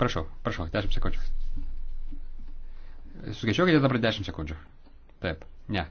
Prašau, prašau, 10 sekundžių. Suskaičiuokite dabar 10 sekundžių. Taip, ne.